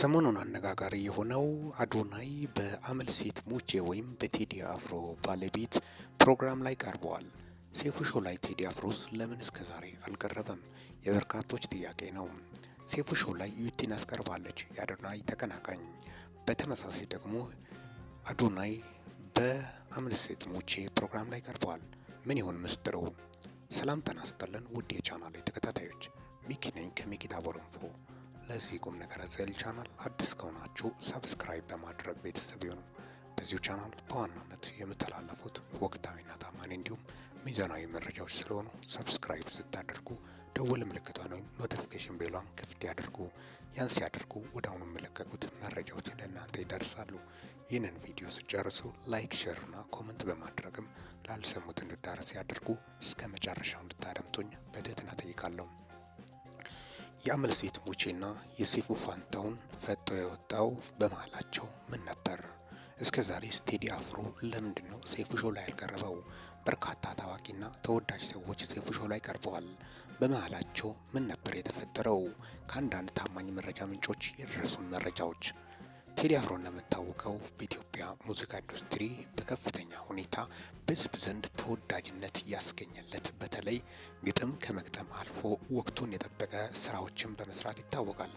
ሰሞኑን አነጋጋሪ የሆነው አዶናይ በአምል ሴት ሙቼ ወይም በቴዲ አፍሮ ባለቤት ፕሮግራም ላይ ቀርበዋል። ሴፉ ሾ ላይ ቴዲ አፍሮስ ለምን እስከ ዛሬ አልቀረበም? የበርካቶች ጥያቄ ነው። ሴፉ ሾ ላይ ዩቲን አስቀርባለች፣ የአዶናይ ተቀናቃኝ። በተመሳሳይ ደግሞ አዶናይ በአምል ሴት ሙቼ ፕሮግራም ላይ ቀርበዋል። ምን ይሆን ምስጢሩ? ሰላም ተናስተለን ውድ የቻናል ተከታታዮች፣ ሚኪ ነኝ ከሚኪታ ቦረንፎ ለዚህ ቁም ነገር አዘል ቻናል አዲስ ከሆናችሁ ሰብስክራይብ በማድረግ ቤተሰብ ይሁኑ። በዚሁ ቻናል በዋናነት የምተላለፉት ወቅታዊና ታማኝ እንዲሁም ሚዛናዊ መረጃዎች ስለሆኑ ሰብስክራይብ ስታደርጉ ደወል ምልክቷን ወይም ኖቲፊኬሽን ቤሏን ክፍት ያደርጉ። ያን ሲያደርጉ ወደ አሁኑ የሚለቀቁት መረጃዎች ለእናንተ ይደርሳሉ። ይህንን ቪዲዮ ስጨርሱ ላይክ፣ ሼር እና ኮመንት በማድረግም ላልሰሙት እንድዳረስ ያደርጉ። እስከ መጨረሻው እንድታደምጡኝ በትህትና ጠይቃለሁ። ሴት ሙቼና የሴፉ ፋንታውን ፈጦ የወጣው በመሀላቸው ምን ነበር? እስከ ዛሬ ቴዲ አፍሮ ለምንድን ነው ሴፉ ሾው ላይ ያልቀረበው? በርካታ ታዋቂና ተወዳጅ ሰዎች ሴፉ ሾው ላይ ቀርበዋል። በመሀላቸው ምን ነበር የተፈጠረው? ከአንዳንድ ታማኝ መረጃ ምንጮች የደረሱን መረጃዎች ቴዲ አፍሮ እንደምታወቀው በኢትዮጵያ ሙዚቃ ኢንዱስትሪ በከፍተኛ ሁኔታ በህዝብ ዘንድ ተወዳጅነት ያስገኘለት በተለይ ግጥም ከመግጠም አልፎ ወቅቱን የጠበቀ ስራዎችን በመስራት ይታወቃል።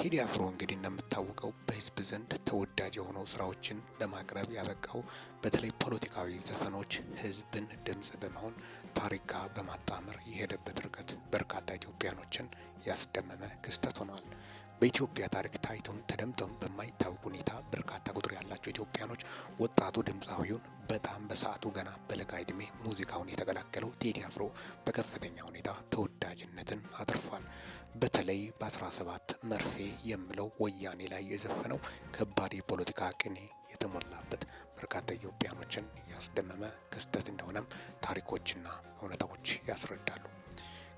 ቴዲ አፍሮ እንግዲህ እንደምታወቀው በህዝብ ዘንድ ተወዳጅ የሆኑ ስራዎችን ለማቅረብ ያበቃው በተለይ ፖለቲካዊ ዘፈኖች ህዝብን ድምፅ በመሆን ታሪካ በማጣመር የሄደበት ርቀት በርካታ ኢትዮጵያኖችን ያስደመመ ክስተት ሆኗል። በኢትዮጵያ ታሪክ ታይተውም ተደምጠውም በማይታወቅ ሁኔታ በርካታ ቁጥር ያላቸው ኢትዮጵያኖች ወጣቱ ድምፃዊውን በጣም በሰዓቱ ገና በለጋ ዕድሜ ሙዚቃውን የተቀላቀለው ቴዲ አፍሮ በከፍተኛ ሁኔታ ተወዳጅነትን አትርፏል። በተለይ በ17 መርፌ የሚለው ወያኔ ላይ የዘፈነው ከባድ የፖለቲካ ቅኔ የተሞላበት በርካታ ኢትዮጵያኖችን ያስደመመ ክስተት እንደሆነም ታሪኮችና እውነታዎች ያስረዳሉ።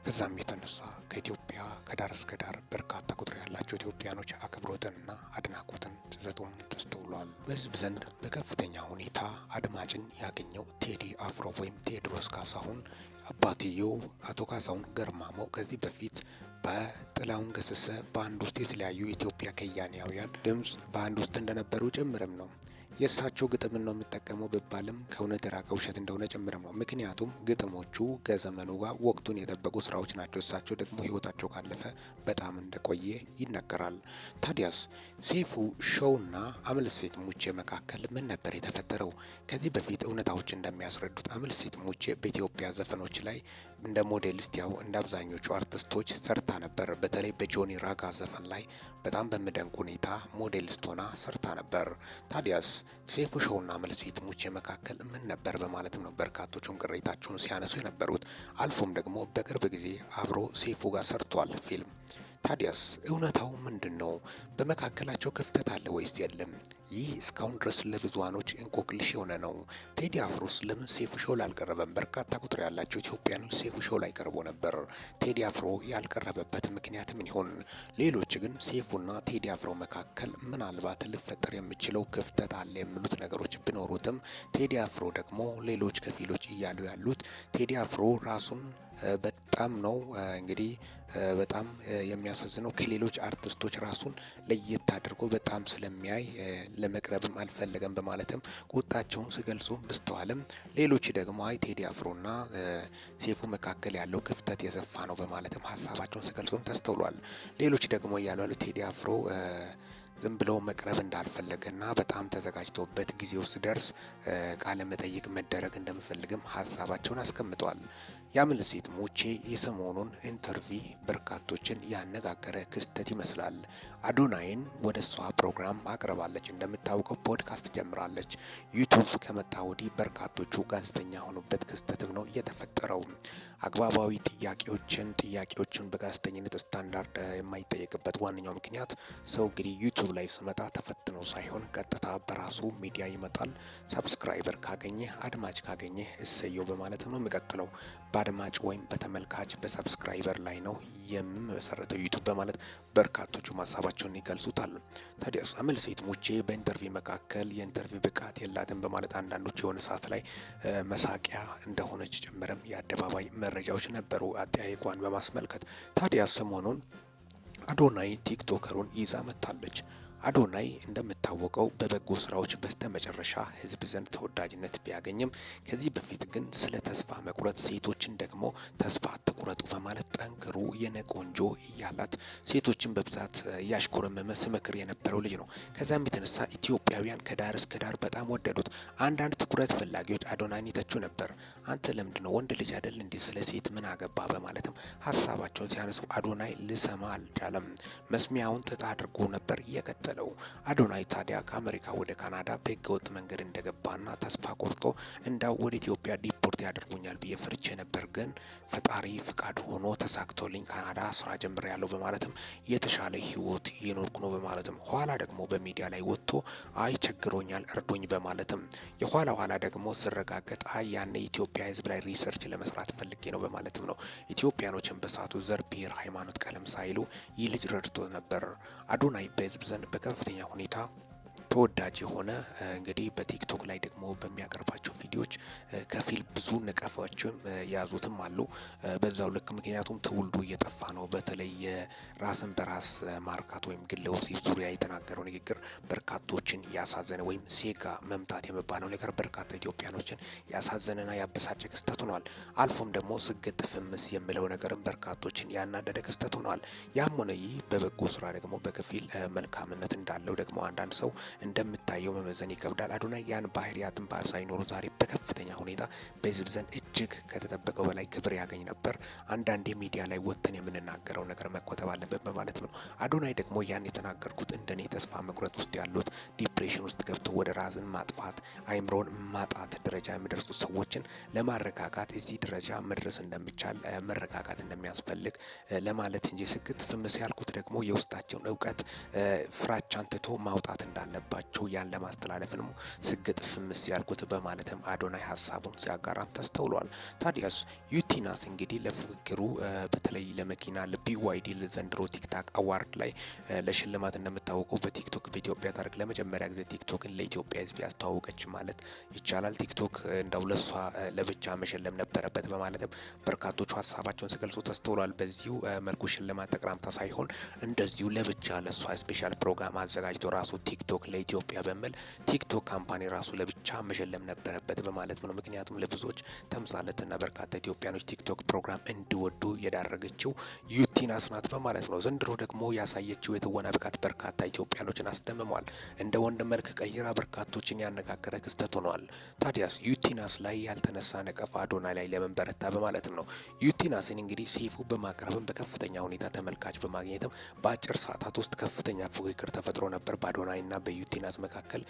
ከዛም የተነሳ ከኢትዮጵያ ከዳር እስከ ዳር በርካታ ቁጥር ያላቸው ኢትዮጵያኖች አክብሮትንና አድናቆትን ሲሰጡም ተስተውሏል። በህዝብ ዘንድ በከፍተኛ ሁኔታ አድማጭን ያገኘው ቴዲ አፍሮ ወይም ቴድሮስ ካሳሁን አባትየው አቶ ካሳሁን ገርማሞ ከዚህ በፊት በጥላሁን ገሰሰ ባንድ ውስጥ የተለያዩ የኢትዮጵያ ከያኔያውያን ድምፅ ባንድ ውስጥ እንደነበሩ ጭምርም ነው። የእሳቸው ግጥምን ነው የምጠቀመው ብባልም ከእውነት የራቀ ውሸት እንደሆነ ጭምርም ነው። ምክንያቱም ግጥሞቹ ከዘመኑ ጋር ወቅቱን የጠበቁ ስራዎች ናቸው። እሳቸው ደግሞ ህይወታቸው ካለፈ በጣም እንደቆየ ይነገራል። ታዲያስ ሴፉ ሾውና አምለሰት ሙቼ መካከል ምን ነበር የተፈጠረው? ከዚህ በፊት እውነታዎች እንደሚያስረዱት አምለሰት ሙቼ በኢትዮጵያ ዘፈኖች ላይ እንደ ሞዴሊስት ያው እንደ አብዛኞቹ አርቲስቶች ሰርታ ነበር። በተለይ በጆኒ ራጋ ዘፈን ላይ በጣም በምደንቅ ሁኔታ ሞዴሊስት ሆና ሰርታ ነበር። ታዲያስ ሰይፉ ሾውና መልሴት ሙቼ መካከል ምን ነበር በማለትም ነው በርካቶቹም ቅሬታቸውን ሲያነሱ የነበሩት። አልፎም ደግሞ በቅርብ ጊዜ አብሮ ሰይፉ ጋር ሰርቷል ፊልም ታዲያስ እውነታው ምንድን ነው? በመካከላቸው ክፍተት አለ ወይስ የለም? ይህ እስካሁን ድረስ ለብዙሃኖች እንቆቅልሽ የሆነ ነው። ቴዲ አፍሮስ ለምን ሴፉ ሾው ላይ አልቀረበም? በርካታ ቁጥር ያላቸው ኢትዮጵያን ሴፉ ሾው ላይ ቀርቦ ነበር። ቴዲ አፍሮ ያልቀረበበት ምክንያት ምን ይሆን? ሌሎች ግን ሴፉና ቴዲ አፍሮ መካከል ምናልባት ልፈጠር የምችለው ክፍተት አለ የሚሉት ነገሮች ቢኖሩትም ቴዲ አፍሮ ደግሞ ሌሎች ከፊሎች እያሉ ያሉት ቴዲ አፍሮ ራሱን በጣም ነው እንግዲህ በጣም የሚያሳዝነው ከሌሎች አርቲስቶች ራሱን ለየት አድርጎ በጣም ስለሚያይ ለመቅረብም አልፈለገም በማለትም ቁጣቸውን ሲገልጹ ብስተዋልም፣ ሌሎች ደግሞ አይ ቴዲ አፍሮና ሴፉ መካከል ያለው ክፍተት የሰፋ ነው በማለትም ሀሳባቸውን ሲገልጹም ተስተውሏል። ሌሎች ደግሞ እያሉ ያሉ ቴዲ አፍሮ ዝም ብለው መቅረብ እንዳልፈለገና በጣም ተዘጋጅተውበት ጊዜው ሲደርስ ቃለ መጠይቅ መደረግ እንደምፈልግም ሀሳባቸውን አስቀምጧል። የአምል ሴት ሞቼ የሰሞኑን ኢንተርቪ በርካቶችን ያነጋገረ ክስተት ይመስላል። አዶናይን ወደ እሷ ፕሮግራም አቅርባለች። እንደምታውቀው ፖድካስት ጀምራለች። ዩቱብ ከመጣ ወዲህ በርካቶቹ ጋዜጠኛ የሆኑበት ክስተትም ነው የተፈጠረው። አግባባዊ ጥያቄዎችን ጥያቄዎችን በጋዜጠኝነት ስታንዳርድ የማይጠየቅበት ዋነኛው ምክንያት ሰው እንግዲህ ዩቱብ ላይ ስመጣ ተፈትኖ ሳይሆን ቀጥታ በራሱ ሚዲያ ይመጣል። ሰብስክራይበር ካገኘ አድማጭ ካገኘ እሰየው በማለትም ነው የሚቀጥለው በአድማጭ ወይም በተመልካች በሰብስክራይበር ላይ ነው የምመሰረተው ዩቱብ በማለት በርካቶቹ ሀሳባቸውን ይገልጹታል። ታዲያስ አምል ሴት ሙቼ በኢንተርቪው መካከል የኢንተርቪው ብቃት የላትም በማለት አንዳንዶች የሆነ ሰዓት ላይ መሳቂያ እንደሆነች ጭምርም የአደባባይ መረጃዎች ነበሩ አጠያየቋን በማስመልከት። ታዲያ ሰሞኑን አዶናይ ቲክቶከሩን ይዛ መጥታለች። አዶናይ እንደምታወቀው በበጎ ስራዎች በስተመጨረሻ ህዝብ ዘንድ ተወዳጅነት ቢያገኝም ከዚህ በፊት ግን ስለ ተስፋ መቁረጥ ሴቶችን ደግሞ ተስፋ አትቁረጡ በማለት ጠንክሩ የኔ ቆንጆ እያላት ሴቶችን በብዛት እያሽኮረመመ ስመክር የነበረው ልጅ ነው። ከዚያም የተነሳ ኢትዮጵያውያን ከዳር እስከ ዳር በጣም ወደዱት። አንዳንድ ትኩረት ፈላጊዎች አዶናይን ይተቹ ነበር። አንተ ለምንድን ነው ወንድ ልጅ አደል እንዴ ስለ ሴት ምን አገባ በማለትም ሀሳባቸውን ሲያነሱ አዶናይ ልሰማ አልቻለም። መስሚያውን ጥጥ አድርጎ ነበር የቀጠ ቀጠለው። አዶናይ ታዲያ ከአሜሪካ ወደ ካናዳ በህገወጥ መንገድ እንደገባና ተስፋ ቆርጦ እንዳው ወደ ኢትዮጵያ ዲፖርት ያደርጉኛል ብዬ ፈርቼ ነበር፣ ግን ፈጣሪ ፍቃድ ሆኖ ተሳክቶልኝ ካናዳ ስራ ጀምር ያለው በማለትም የተሻለ ህይወት እየኖርኩ ነው በማለትም ኋላ ደግሞ በሚዲያ ላይ ወጥቶ አይ ቸግሮኛል እርዱኝ በማለትም የኋላ ኋላ ደግሞ ስረጋገጥ አይ ያኔ ኢትዮጵያ ህዝብ ላይ ሪሰርች ለመስራት ፈልጌ ነው በማለትም ነው ኢትዮጵያኖችን በሳቱ ዘር፣ ብሔር፣ ሃይማኖት፣ ቀለም ሳይሉ ይህ ልጅ ረድቶ ነበር። አዶናይ በህዝብ ዘንድ በከፍተኛ ሁኔታ ተወዳጅ የሆነ እንግዲህ በቲክቶክ ላይ ደግሞ በሚያቀርባቸው ቪዲዮዎች ከፊል ብዙ ነቀፋዎችም የያዙትም አሉ። በዛው ልክ ምክንያቱም ትውልዱ እየጠፋ ነው። በተለይ የራስን በራስ ማርካት ወይም ግለ ወሲብ ዙሪያ የተናገረው ንግግር በርካቶችን ያሳዘነ ወይም ሴጋ መምታት የሚባለው ነገር በርካታ ኢትዮጵያኖችን ያሳዘነና ያበሳጨ ክስተት ሆኗል። አልፎም ደግሞ ስግጥ ፍምስ የሚለው ነገርም በርካቶችን ያናደደ ክስተት ሆኗል። ያም ሆነ ይህ በበጎ ስራ ደግሞ በከፊል መልካምነት እንዳለው ደግሞ አንዳንድ ሰው እንደምታየው መመዘን ይከብዳል። አዶናይ ያን ባህሪያትን ባህር ሳይኖሩ ዛሬ በከፍተኛ ሁኔታ በህዝብ ዘንድ እጅግ ከተጠበቀው በላይ ክብር ያገኝ ነበር። አንዳንድ ሚዲያ ላይ ወጥተን የምንናገረው ነገር መቆጠብ አለበት በማለት ነው። አዶናይ ደግሞ ያን የተናገርኩት እንደኔ ተስፋ መቁረጥ ውስጥ ያሉት ዲፕሬሽን ውስጥ ገብቶ ወደ ራስን ማጥፋት አይምሮን ማጣት ደረጃ የሚደርሱ ሰዎችን ለማረጋጋት እዚህ ደረጃ መድረስ እንደሚቻል መረጋጋት እንደሚያስፈልግ ለማለት እንጂ ስግት ፍምስ ያልኩት ደግሞ የውስጣቸውን እውቀት ፍራቻን ትቶ ማውጣት እንዳለበት ልባቸው ያን ለማስተላለፍ ነው ስግጥ ፍምስ ያልኩት በማለትም አዶናይ ሀሳቡን ሲያጋራም ተስተውሏል። ታዲያስ ዩቲናስ እንግዲህ ለፉክክሩ በተለይ ለመኪና ለቢዋይዲ ዘንድሮ ቲክታክ አዋርድ ላይ ለሽልማት እንደምታወቀው በቲክቶክ በኢትዮጵያ ታሪክ ለመጀመሪያ ጊዜ ቲክቶክን ለኢትዮጵያ ሕዝብ ያስተዋወቀች ማለት ይቻላል። ቲክቶክ እንደው ለሷ ለብቻ መሸለም ነበረበት በማለትም በርካቶቹ ሀሳባቸውን ሲገልጹ ተስተውሏል። በዚሁ መልኩ ሽልማት ተቅራምታ ሳይሆን እንደዚሁ ለብቻ ለሷ ስፔሻል ፕሮግራም አዘጋጅቶ ራሱ ቲክቶክ ለኢትዮጵያ በሚል ቲክቶክ ካምፓኒ ራሱ ለብቻ መሸለም ነበረበት በማለት ነው። ምክንያቱም ለብዙዎች ተምሳሌትና በርካታ ኢትዮጵያኖች ቲክቶክ ፕሮግራም እንዲወዱ የዳረገችው ዩቲናስ ናት በማለት ነው። ዘንድሮ ደግሞ ያሳየችው የትወና ብቃት በርካታ ኢትዮጵያኖችን አስደምሟል። እንደ ወንድ መልክ ቀይራ በርካቶችን ያነጋገረ ክስተት ሆኗል። ታዲያስ ዩቲናስ ላይ ያልተነሳ ነቀፋ ዶና ላይ ለምን በረታ በማለትም ነው። ዩቲናስን እንግዲህ ሴፉ በማቅረብም በከፍተኛ ሁኔታ ተመልካች በማግኘትም በአጭር ሰዓታት ውስጥ ከፍተኛ ፉክክር ተፈጥሮ ነበር በአዶናይና በዩ ቴናስ መካከል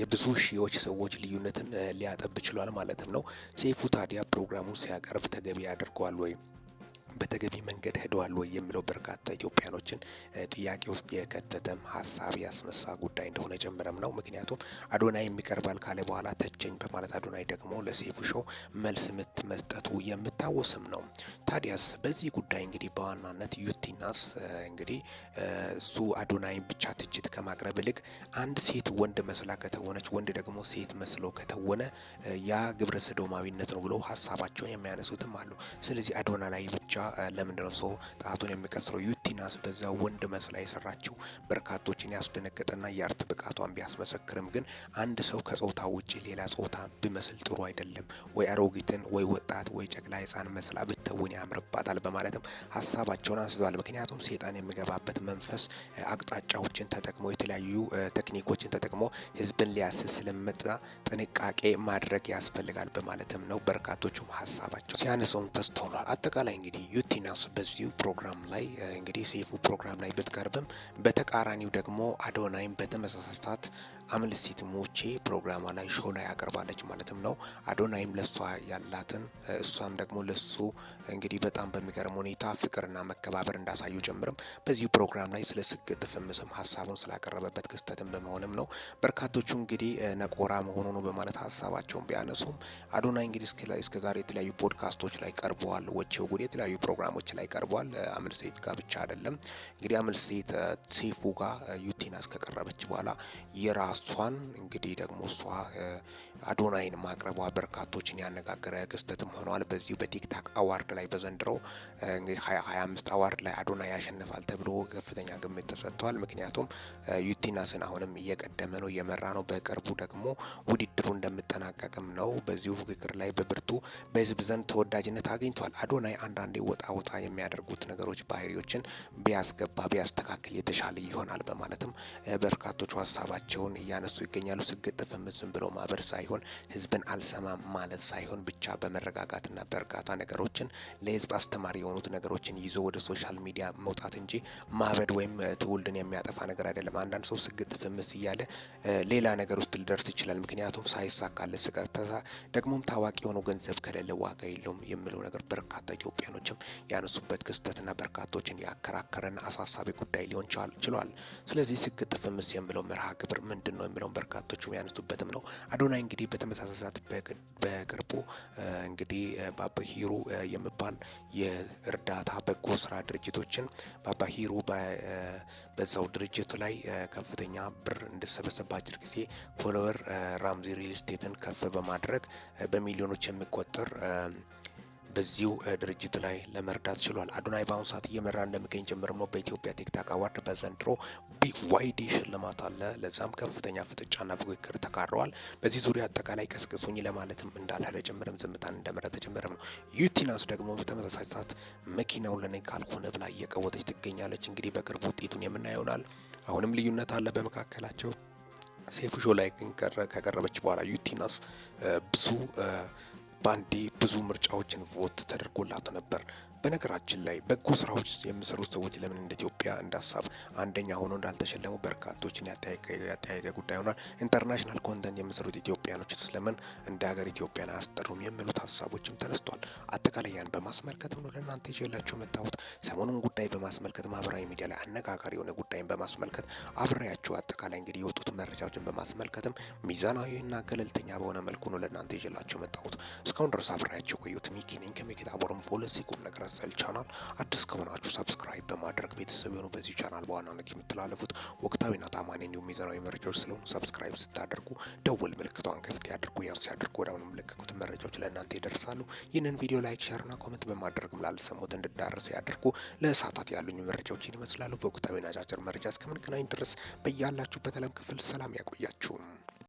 የብዙ ሺዎች ሰዎች ልዩነትን ሊያጠብ ችሏል ማለትም ነው። ሴፉ ታዲያ ፕሮግራሙ ሲያቀርብ ተገቢ አድርገዋል ወይም በተገቢ መንገድ ሄደዋል ወይ የሚለው በርካታ ኢትዮጵያኖችን ጥያቄ ውስጥ የከተተም ሀሳብ ያስነሳ ጉዳይ እንደሆነ ጀምረም ነው። ምክንያቱም አዶናይ የሚቀርባል ካለ በኋላ ተቸኝ በማለት አዶናይ ደግሞ ለሴፉ ሾው መልስ ምት መስጠቱ የምታወስም ነው። ታዲያስ በዚህ ጉዳይ እንግዲህ በዋናነት ዩቲናስ እንግዲህ እሱ አዶናይን ብቻ ትችት ከማቅረብ ይልቅ አንድ ሴት ወንድ መስላ ከተወነች ወንድ ደግሞ ሴት መስሎ ከተወነ ያ ግብረ ሰዶማዊነት ነው ብለው ሀሳባቸውን የሚያነሱትም አሉ። ስለዚህ አዶና ላይ ብቻ ለምንድነው ሰው ጣቱን የሚቀስረው? ቲናስ በዛ ወንድ መስላ የሰራችው በርካቶችን ያስደነገጠና የአርት ብቃቷን ቢያስመሰክርም ግን አንድ ሰው ከጾታ ውጭ ሌላ ጾታ ብመስል ጥሩ አይደለም ወይ አሮጊትን ወይ ወጣት ወይ ጨቅላ ህፃን መስላ ብትውን ያምርባታል በማለትም ሀሳባቸውን አንስተዋል። ምክንያቱም ሴጣን የሚገባበት መንፈስ አቅጣጫዎችን ተጠቅሞ የተለያዩ ቴክኒኮችን ተጠቅሞ ህዝብን ሊያስል ስለመጣ ጥንቃቄ ማድረግ ያስፈልጋል በማለትም ነው በርካቶቹም ሀሳባቸው ሲያነሰውን ተስተውሏል። አጠቃላይ እንግዲህ ዩቲናስ በዚሁ ፕሮግራም ላይ እንግዲህ በቴዲ ፕሮግራም ላይ ብትቀርብም በተቃራኒው ደግሞ አዶናይም በተመሳሳይ ሰዓት አምልስቲ ሞቼ ፕሮግራሟ ላይ ሾ ላይ አቅርባለች ማለትም ነው። አዶናይም ለሷ ያላትን እሷም ደግሞ ለሱ እንግዲህ በጣም በሚገርም ሁኔታ ፍቅርና መከባበር እንዳሳዩ ጭምርም በዚሁ ፕሮግራም ላይ ስለ ስግጥ ፍምስም ሀሳቡን ስላቀረበበት ክስተትን በመሆንም ነው። በርካቶቹ እንግዲህ ነቆራ መሆኑ ነው በማለት ሀሳባቸውን ቢያነሱም አዶናይ እንግዲህ እስከ የተለያዩ ፖድካስቶች ላይ ቀርበዋል። ወቼው ጉድ የተለያዩ ፕሮግራሞች ላይ ቀርበዋል። አምልሴት ጋር ብቻ አይደለም እንግዲህ አምልሴት ሴፉ ጋር ዩቲናስ ከቀረበች በኋላ የራሱ እሷን እንግዲህ ደግሞ እሷ አዶናይን ማቅረቧ በርካቶችን ያነጋገረ ክስተትም ሆኗል። በዚሁ በቲክታክ አዋርድ ላይ በዘንድሮ እንግዲህ 2025 አዋርድ ላይ አዶናይ ያሸንፋል ተብሎ ከፍተኛ ግምት ተሰጥቷል። ምክንያቱም ዩቲናስን አሁንም እየቀደመ ነው፣ እየመራ ነው። በቅርቡ ደግሞ ውድድሩ እንደምጠናቀቅም ነው። በዚሁ ፉክክር ላይ በብርቱ በህዝብ ዘንድ ተወዳጅነት አግኝቷል። አዶናይ አንዳንዴ ወጣ ወጣ የሚያደርጉት ነገሮች ባህሪዎችን ቢያስገባ ቢያስተካክል የተሻለ ይሆናል በማለትም በርካቶቹ ሀሳባቸውን እያነሱ ይገኛሉ። ስግጥፍም ዝም ብሎ ማበር ሳይሆን ህዝብን አልሰማም ማለት ሳይሆን ብቻ በመረጋጋትና በእርጋታ ነገሮችን ለህዝብ አስተማሪ የሆኑት ነገሮችን ይዞ ወደ ሶሻል ሚዲያ መውጣት እንጂ ማበድ ወይም ትውልድን የሚያጠፋ ነገር አይደለም። አንዳንድ ሰው ስግጥፍምስ እያለ ሌላ ነገር ውስጥ ሊደርስ ይችላል። ምክንያቱም ሳይሳካለት ስቀጥታ ደግሞም ታዋቂ የሆነው ገንዘብ ከሌለ ዋጋ የለውም የሚለው ነገር በርካታ ኢትዮጵያኖችም ያነሱበት ክስተትና በርካቶችን ያከራከረና አሳሳቢ ጉዳይ ሊሆን ችሏል። ስለዚህ ስግጥፍምስ የሚለው መርሃ ግብር ምንድን ነው የሚለውን በርካቶች ያነሱበትም ነው። አዶናይ እንግዲህ በተመሳሳይ ሰዓት በቅርቡ እንግዲህ ባባ ሂሩ የሚባል የእርዳታ በጎ ስራ ድርጅቶችን ባባ ሂሩ በዛው ድርጅት ላይ ከፍተኛ ብር እንዲሰበሰብ በአጭር ጊዜ ፎሎወር ራምዚ ሪል ስቴትን ከፍ በማድረግ በሚሊዮኖች የሚቆጠር በዚሁ ድርጅት ላይ ለመርዳት ችሏል። አዶናይ በአሁኑ ሰዓት እየመራ እንደሚገኝ ጭምርም ነው። በኢትዮጵያ ቲክታክ አዋርድ በዘንድሮ ቢዋይዲ ሽልማት አለ። ለዛም ከፍተኛ ፍጥጫና ፉክክር ተካረዋል። በዚህ ዙሪያ አጠቃላይ ቀስቅሶኝ ለማለትም እንዳልሄደ ጭምርም ዝምታን እንደመረ ጭምርም ነው። ዩቲናስ ደግሞ በተመሳሳይ ሰዓት መኪናው ለኔ ካልሆነ ብላ እየቀወጠች ትገኛለች። እንግዲህ በቅርብ ውጤቱን የምናየው ይሆናል። አሁንም ልዩነት አለ በመካከላቸው። ሴፉ ሾ ላይ ከቀረበች በኋላ ዩቲናስ ብዙ ባንዴ ብዙ ምርጫዎችን ቮት ተደርጎላት ነበር። በነገራችን ላይ በጎ ስራዎች የሚሰሩ ሰዎች ለምን እንደ ኢትዮጵያ እንደ ሀሳብ አንደኛ ሆኖ እንዳልተሸለሙ በርካቶችን ያተያየቀ ጉዳይ ሆኗል። ኢንተርናሽናል ኮንተንት የሚሰሩት ኢትዮ ኢትዮጵያኖች ስለምን እንደ ሀገር ኢትዮጵያን አያስጠሩም የሚሉት ሀሳቦችም ተነስቷል። አጠቃላይ ያን በማስመልከት ነው ለእናንተ ይዤላችሁ የመጣሁት። ሰሞኑን ጉዳይ በማስመልከት ማህበራዊ ሚዲያ ላይ አነጋጋሪ የሆነ ጉዳይን በማስመልከት አብሬያችሁ አጠቃላይ እንግዲህ የወጡት መረጃዎችን በማስመልከትም ሚዛናዊና ገለልተኛ በሆነ መልኩ ነው ለእናንተ ይዤላችሁ የመጣሁት። እስካሁን ድረስ አብሬያችሁ ቆዩት። ሚኪ ነኝ ከሚኪታ ቦርም ፖለሲ ቁም ነገር አዘል ቻናል አዲስ ከሆናችሁ ሰብስክራይብ በማድረግ ቤተሰብ የሆኑ በዚህ ቻናል በዋናነት የምትላለፉት ወቅታዊና ታማኒ እንዲሁም ሚዛናዊ መረጃዎች ስለሆኑ ሰብስክራይብ ስታደርጉ ደውል ምልክቷን ገጹን ክፍት ያድርጉ፣ ያው ሲያድርጉ ወዲያውኑ የሚለቀቁትን መረጃዎች ለእናንተ ይደርሳሉ። ይህንን ቪዲዮ ላይክ፣ ሼርና ኮመንት በማድረግም ላልሰሙት እንድዳረስ ያድርጉ። ለእሳታት ያሉኝ መረጃዎችን ይመስላሉ። በወቅታዊ ናጫጭር መረጃ እስከምንገናኝ ድረስ በያላችሁበት ዓለም ክፍል ሰላም ያቆያችሁም።